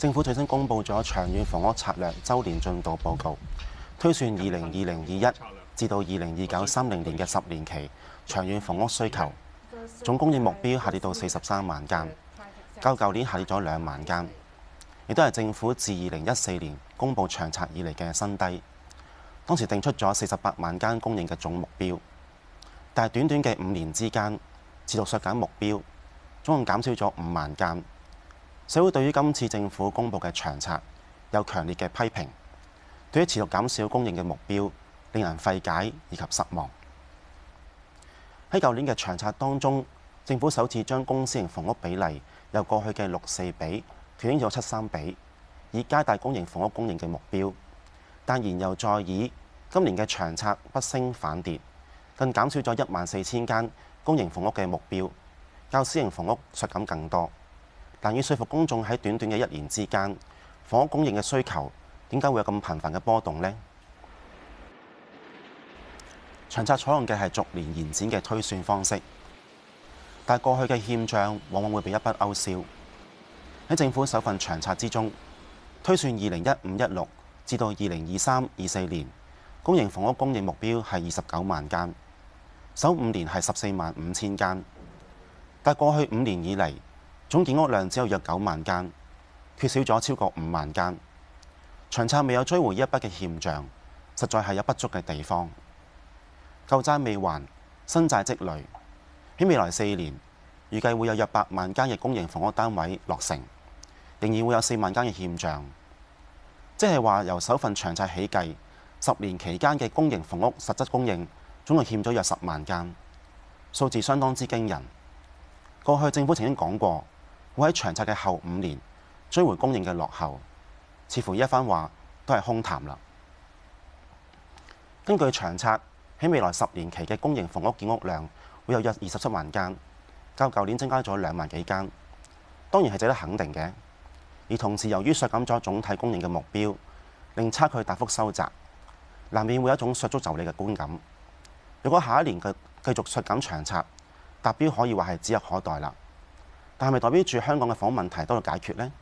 政府最新公布咗長遠房屋策略周年進度報告，推算二零二零二一至到二零二九三零年嘅十年期長遠房屋需求總供應目標下跌到四十三萬間，較舊年下跌咗兩萬間，亦都係政府自二零一四年公布長策以嚟嘅新低。當時定出咗四十八萬間供應嘅總目標，但係短短嘅五年之間持續削減目標，總共減少咗五萬間。社會對於今次政府公布嘅長策有強烈嘅批評，對於持續減少供應嘅目標令人費解以及失望。喺舊年嘅長策當中，政府首次將公私營房屋比例由過去嘅六四比調整咗七三比，以加大公營房屋供應嘅目標。但言猶在耳，今年嘅長策不升反跌，更減少咗一萬四千間公營房屋嘅目標，較私營房屋削減更多。但要說服公眾喺短短嘅一年之間，房屋供應嘅需求點解會有咁頻繁嘅波動呢？長策採用嘅係逐年延展嘅推算方式，但係過去嘅欠帳往往會被一筆勾銷。喺政府首份長策之中，推算二零一五一六至到二零二三二四年公營房屋供應目標係二十九萬間，首五年係十四萬五千間，但係過去五年以嚟，總建屋量只有約九萬間，缺少咗超過五萬間。長策未有追回一筆嘅欠帳，實在係有不足嘅地方。舊債未還，新債積累，喺未來四年預計會有約八萬間嘅公營房屋單位落成，仍然會有四萬間嘅欠帳，即係話由首份長策起計，十年期間嘅公營房屋實質供應總共欠咗約十萬間，數字相當之驚人。過去政府曾經講過。會喺長策嘅後五年追回供應嘅落後，似乎一番話都係空談啦。根據長策喺未來十年期嘅供應房屋建屋量會有約二十七萬間，較舊年增加咗兩萬幾間，當然係值得肯定嘅。而同時，由於削減咗總體供應嘅目標，令差距大幅收窄，難免會有一種削足就履嘅觀感。如果下一年嘅繼續削減長策達標，可以話係指日可待啦。但係，咪代表住香港嘅房問題都到解決呢？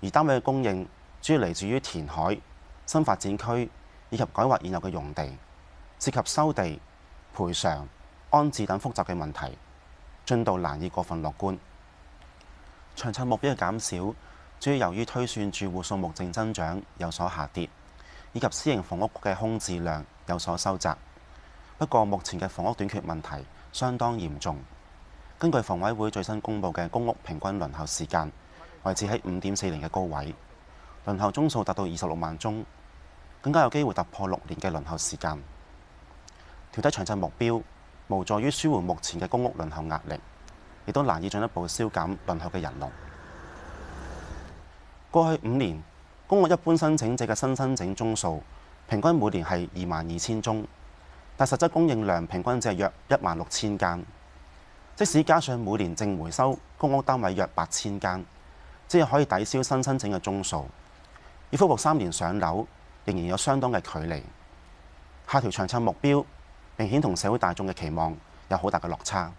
而單位嘅供應主要嚟自於填海、新發展區以及改劃現有嘅用地，涉及收地、賠償、安置等複雜嘅問題，進度難以過分樂觀。長策目標嘅減少，主要由於推算住戶數目淨增長有所下跌，以及私營房屋嘅空置量有所收窄。不過，目前嘅房屋短缺問題相當嚴重。根據房委會最新公布嘅公屋平均輪候時間，維持喺五點四年嘅高位，輪候宗數達到二十六萬宗，更加有機會突破六年嘅輪候時間。調低長策目標無助於舒緩目前嘅公屋輪候壓力，亦都難以進一步消減輪候嘅人龍。過去五年，公屋一般申請者嘅新申請宗數平均每年係二萬二千宗，但實質供應量平均只係約一萬六千間。即使加上每年淨回收公屋單位約八千間，即係可以抵消新申請嘅宗數，要恢復三年上樓，仍然有相當嘅距離。下調長策目標，明顯同社會大眾嘅期望有好大嘅落差。